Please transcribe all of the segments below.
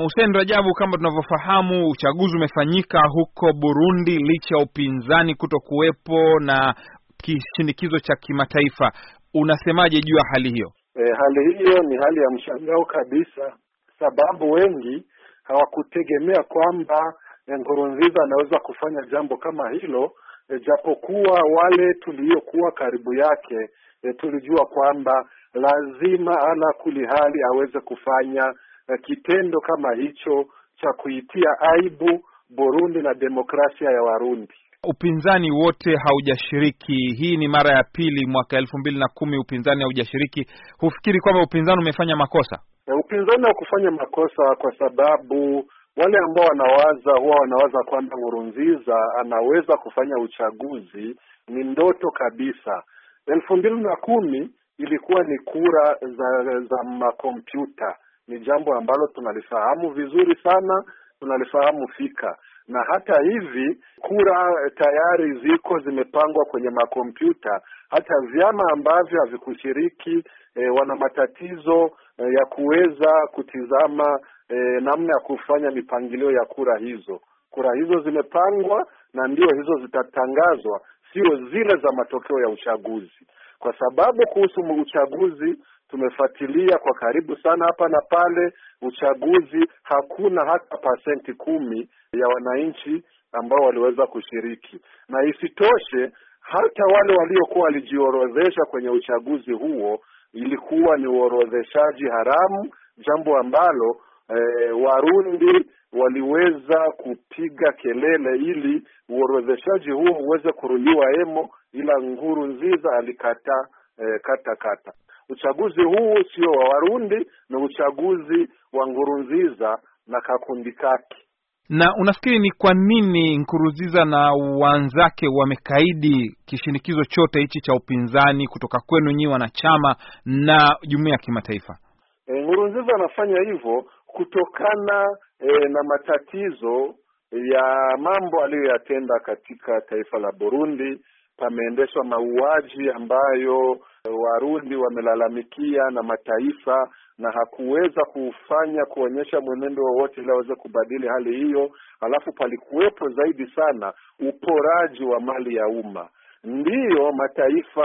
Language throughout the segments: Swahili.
Hussein Rajabu, kama tunavyofahamu, uchaguzi umefanyika huko Burundi licha ya upinzani kuto kuwepo na kishinikizo cha kimataifa. Unasemaje juu ya hali hiyo? E, hali hiyo ni hali ya mshangao kabisa, sababu wengi hawakutegemea kwamba Nkurunziza anaweza kufanya jambo kama hilo, e, japokuwa wale tuliokuwa karibu yake e, tulijua kwamba lazima ala kuli hali aweze kufanya Eh, kitendo kama hicho cha kuitia aibu Burundi na demokrasia ya Warundi. Upinzani wote haujashiriki. Hii ni mara ya pili, mwaka elfu mbili na kumi upinzani haujashiriki. Hufikiri kwamba upinzani umefanya makosa? E, upinzani kufanya makosa kwa sababu wale ambao wanawaza huwa wanawaza kwamba Nkurunziza anaweza kufanya uchaguzi ni ndoto kabisa. Elfu mbili na kumi ilikuwa ni kura za za makompyuta ni jambo ambalo tunalifahamu vizuri sana, tunalifahamu fika, na hata hivi kura eh, tayari ziko zimepangwa kwenye makompyuta. Hata vyama ambavyo havikushiriki e, wana matatizo e, ya kuweza kutizama e, namna ya kufanya mipangilio ya kura hizo. Kura hizo zimepangwa na ndio hizo zitatangazwa, sio zile za matokeo ya uchaguzi, kwa sababu kuhusu uchaguzi tumefuatilia kwa karibu sana hapa na pale uchaguzi. Hakuna hata pasenti kumi ya wananchi ambao waliweza kushiriki, na isitoshe hata wale waliokuwa walijiorodhesha kwenye uchaguzi huo ilikuwa ni uorodheshaji haramu, jambo ambalo e, Warundi waliweza kupiga kelele ili uorodheshaji huo uweze kurudiwa emo, ila Nziza alikataa e, eh, kata kata. Uchaguzi huu sio wa Warundi, ni uchaguzi wa Ngurunziza na kakundi kake. Na unafikiri ni kwa nini Nkurunziza na wanzake wamekaidi kishinikizo chote hichi cha upinzani kutoka kwenu nyinyi wanachama na jumuiya ya kimataifa? E, Nkurunziza anafanya hivyo kutokana e, na matatizo ya mambo aliyoyatenda katika taifa la Burundi pameendeshwa mauaji ambayo eh, Warundi wamelalamikia na mataifa, na hakuweza kufanya kuonyesha mwenendo wowote ili aweze kubadili hali hiyo. Alafu palikuwepo zaidi sana uporaji wa mali ya umma ndiyo mataifa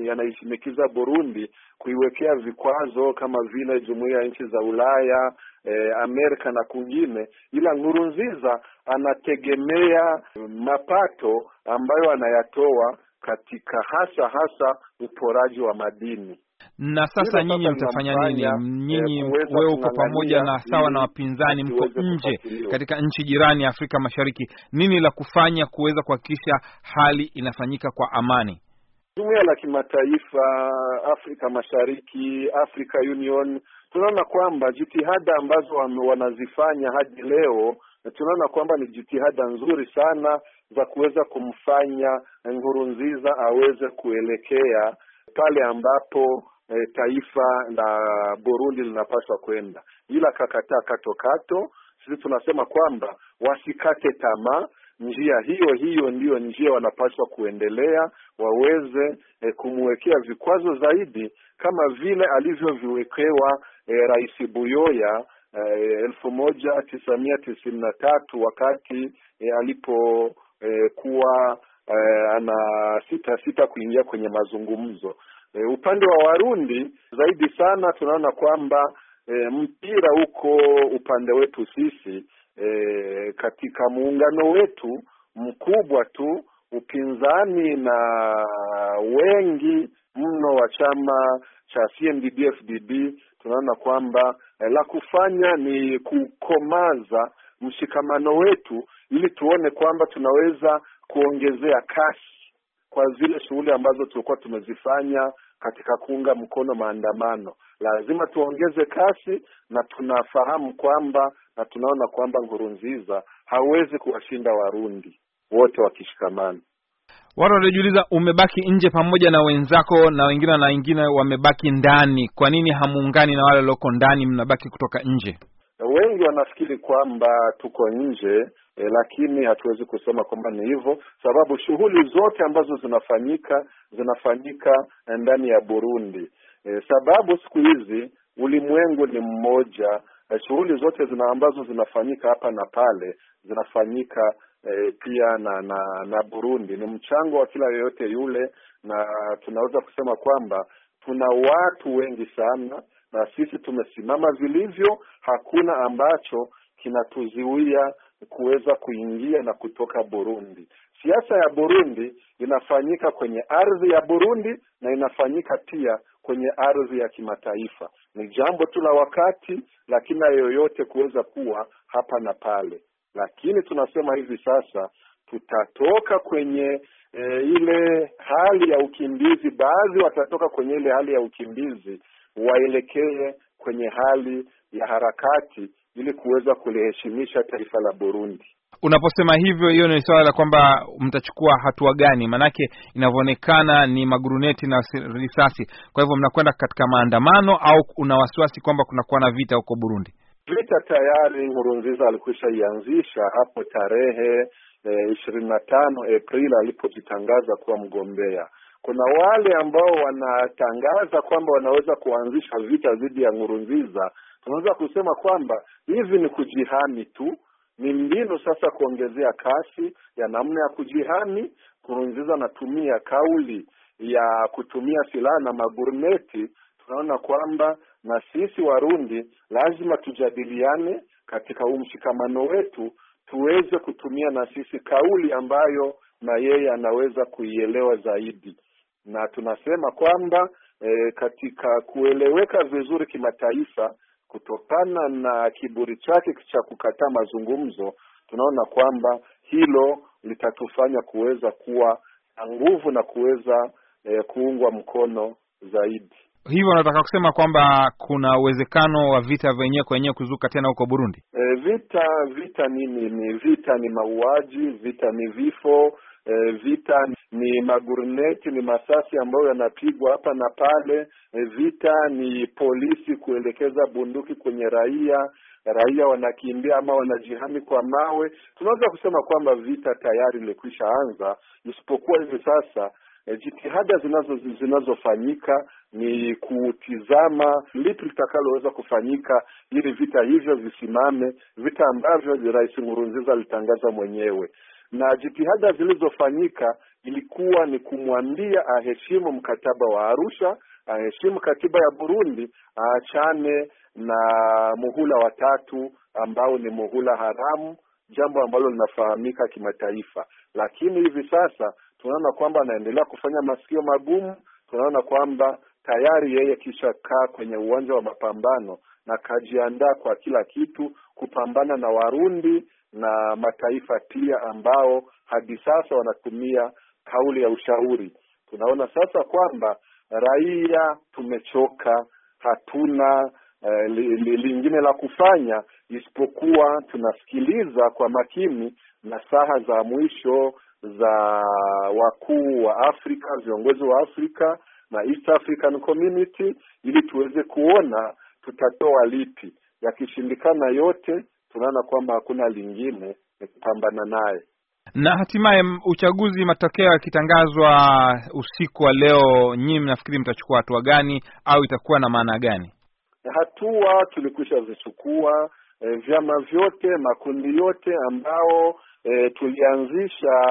yanaishinikiza yana Burundi kuiwekea vikwazo kama vile jumuia ya nchi za Ulaya, e, Amerika na kwingine, ila ngurunziza anategemea mapato ambayo anayatoa katika hasa hasa uporaji wa madini. Na sasa nyinyi mtafanya nini? Nyinyi eh, wewe uko pamoja na sawa na wapinzani, mko nje katika nchi jirani ya Afrika Mashariki, nini la kufanya kuweza kuhakikisha hali inafanyika kwa amani? Jumuiya la kimataifa, Afrika Mashariki, Africa Union, tunaona kwamba jitihada ambazo wanazifanya hadi leo tunaona kwamba ni jitihada nzuri sana za kuweza kumfanya Nkurunziza aweze kuelekea pale ambapo e, taifa la Burundi linapaswa kwenda, ila kakataa katokato. Sisi tunasema kwamba wasikate tamaa, njia hiyo hiyo ndiyo njia wanapaswa kuendelea, waweze e, eh, kumwekea vikwazo zaidi kama vile alivyoviwekewa e, Rais Buyoya e, elfu moja tisa mia tisini na tatu wakati e, alipokuwa e, ana sita sita kuingia kwenye mazungumzo. E, upande wa Warundi zaidi sana tunaona kwamba e, mpira uko upande wetu sisi e, katika muungano wetu mkubwa tu upinzani na wengi mno wa chama cha CNDD-FDD tunaona kwamba e, la kufanya ni kukomaza mshikamano wetu ili tuone kwamba tunaweza kuongezea kasi kwa zile shughuli ambazo tulikuwa tumezifanya katika kuunga mkono maandamano. Lazima tuongeze kasi, na tunafahamu kwamba na tunaona kwamba Nkurunziza hawezi kuwashinda Warundi wote wakishikamana. Watu watajiuliza, umebaki nje pamoja na wenzako na wengine na wengine wamebaki ndani, kwa nini hamuungani na wale walioko ndani, mnabaki kutoka nje? Wengi wanafikiri kwamba tuko nje e, lakini hatuwezi kusema kwamba ni hivyo, sababu shughuli zote ambazo zinafanyika zinafanyika eh, ndani ya Burundi e, sababu siku hizi ulimwengu ni mmoja e, shughuli zote zina ambazo zinafanyika hapa na pale zinafanyika e, pia na na na Burundi. Ni mchango wa kila yoyote yule, na tunaweza kusema kwamba tuna watu wengi sana na sisi tumesimama vilivyo, hakuna ambacho kinatuzuia kuweza kuingia na kutoka Burundi. Siasa ya Burundi inafanyika kwenye ardhi ya Burundi na inafanyika pia kwenye ardhi ya kimataifa. Ni jambo tu la wakati, lakini na yoyote kuweza kuwa hapa na pale, lakini tunasema hivi sasa tutatoka kwenye e, ile hali ya ukimbizi. Baadhi watatoka kwenye ile hali ya ukimbizi waelekee kwenye hali ya harakati ili kuweza kuliheshimisha taifa la Burundi. Unaposema hivyo, hiyo ni swala la kwamba mtachukua hatua gani? Maanake inavyoonekana ni maguruneti na risasi. Kwa hivyo mnakwenda katika maandamano au una wasiwasi kwamba kunakuwa na vita huko Burundi? Vita tayari Nkurunziza alikwisha ianzisha hapo tarehe eh, ishirini na tano Aprili alipojitangaza kuwa mgombea. Kuna wale ambao wanatangaza kwamba wanaweza kuanzisha vita dhidi ya Nkurunziza tunaweza kusema kwamba hivi ni kujihami tu, ni mbinu sasa kuongezea kasi ya namna ya kujihami. Nkurunziza anatumia kauli ya kutumia silaha na maguruneti. Tunaona kwamba na sisi Warundi lazima tujadiliane katika huu mshikamano wetu, tuweze kutumia na sisi kauli ambayo na yeye anaweza kuielewa zaidi, na tunasema kwamba e, katika kueleweka vizuri kimataifa kutokana na kiburi chake cha kukataa mazungumzo, tunaona kwamba hilo litatufanya kuweza kuwa na nguvu na kuweza eh, kuungwa mkono zaidi. Hivyo nataka kusema kwamba kuna uwezekano wa vita vyenyewe kwa wenyewe kuzuka tena huko Burundi. E, vita vita nini? Ni vita, ni mauaji, vita ni vifo, e, vita ni magurneti, ni masasi ambayo yanapigwa hapa na pale. E, vita ni polisi kuelekeza bunduki kwenye raia, raia wanakimbia ama wanajihami kwa mawe. Tunaweza kusema kwamba vita tayari imekwisha anza, isipokuwa hivi sasa E, jitihada zinazo zinazofanyika ni kutizama lipi litakaloweza kufanyika ili vita hivyo visimame, vita ambavyo Rais Nkurunziza alitangaza mwenyewe na jitihada zilizofanyika ilikuwa ni kumwambia aheshimu mkataba wa Arusha, aheshimu katiba ya Burundi, aachane na muhula wa tatu ambao ni muhula haramu, jambo ambalo linafahamika kimataifa. Lakini hivi sasa tunaona kwamba anaendelea kufanya masikio magumu, tunaona kwamba tayari yeye kisha kaa kwenye uwanja wa mapambano na kajiandaa kwa kila kitu kupambana na Warundi na mataifa pia ambao hadi sasa wanatumia kauli ya ushauri. Tunaona sasa kwamba raia tumechoka, hatuna eh, lingine la kufanya isipokuwa tunasikiliza kwa makini na saha za mwisho za wakuu wa Afrika, viongozi wa Afrika na East African Community ili tuweze kuona tutatoa lipi? Yakishindikana yote, tunaona kwamba hakuna lingine, ni kupambana naye na hatimaye uchaguzi, matokeo yakitangazwa usiku wa leo, nyinyi mnafikiri mtachukua hatua gani au itakuwa na maana gani? Hatua tulikwisha zichukua. E, vyama vyote, makundi yote ambao e, tulianzisha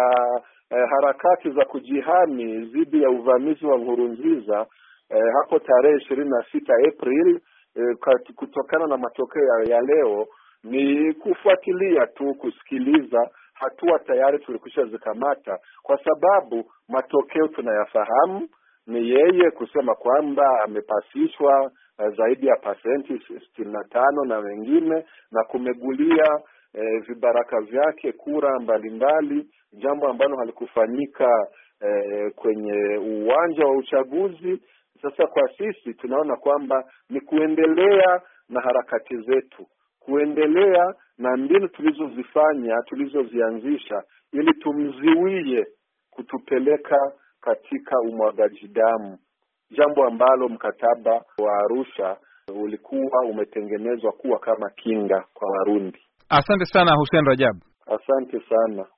e, harakati za kujihami dhidi ya uvamizi wa Nkurunziza e, hapo tarehe ishirini na sita Aprili eh, kutokana na matokeo ya leo ni kufuatilia tu, kusikiliza hatua tayari tulikwisha zikamata, kwa sababu matokeo tunayafahamu. Ni yeye kusema kwamba amepasishwa eh, zaidi ya pasenti sitini na tano na wengine na kumegulia e, vibaraka vyake kura mbalimbali, jambo ambalo halikufanyika e, kwenye uwanja wa uchaguzi sasa kwa sisi tunaona kwamba ni kuendelea na harakati zetu, kuendelea na mbinu tulizozifanya tulizozianzisha, ili tumziwie kutupeleka katika umwagaji damu, jambo ambalo mkataba wa Arusha ulikuwa umetengenezwa kuwa kama kinga kwa Warundi. Asante sana Hussein Rajab. Asante sana.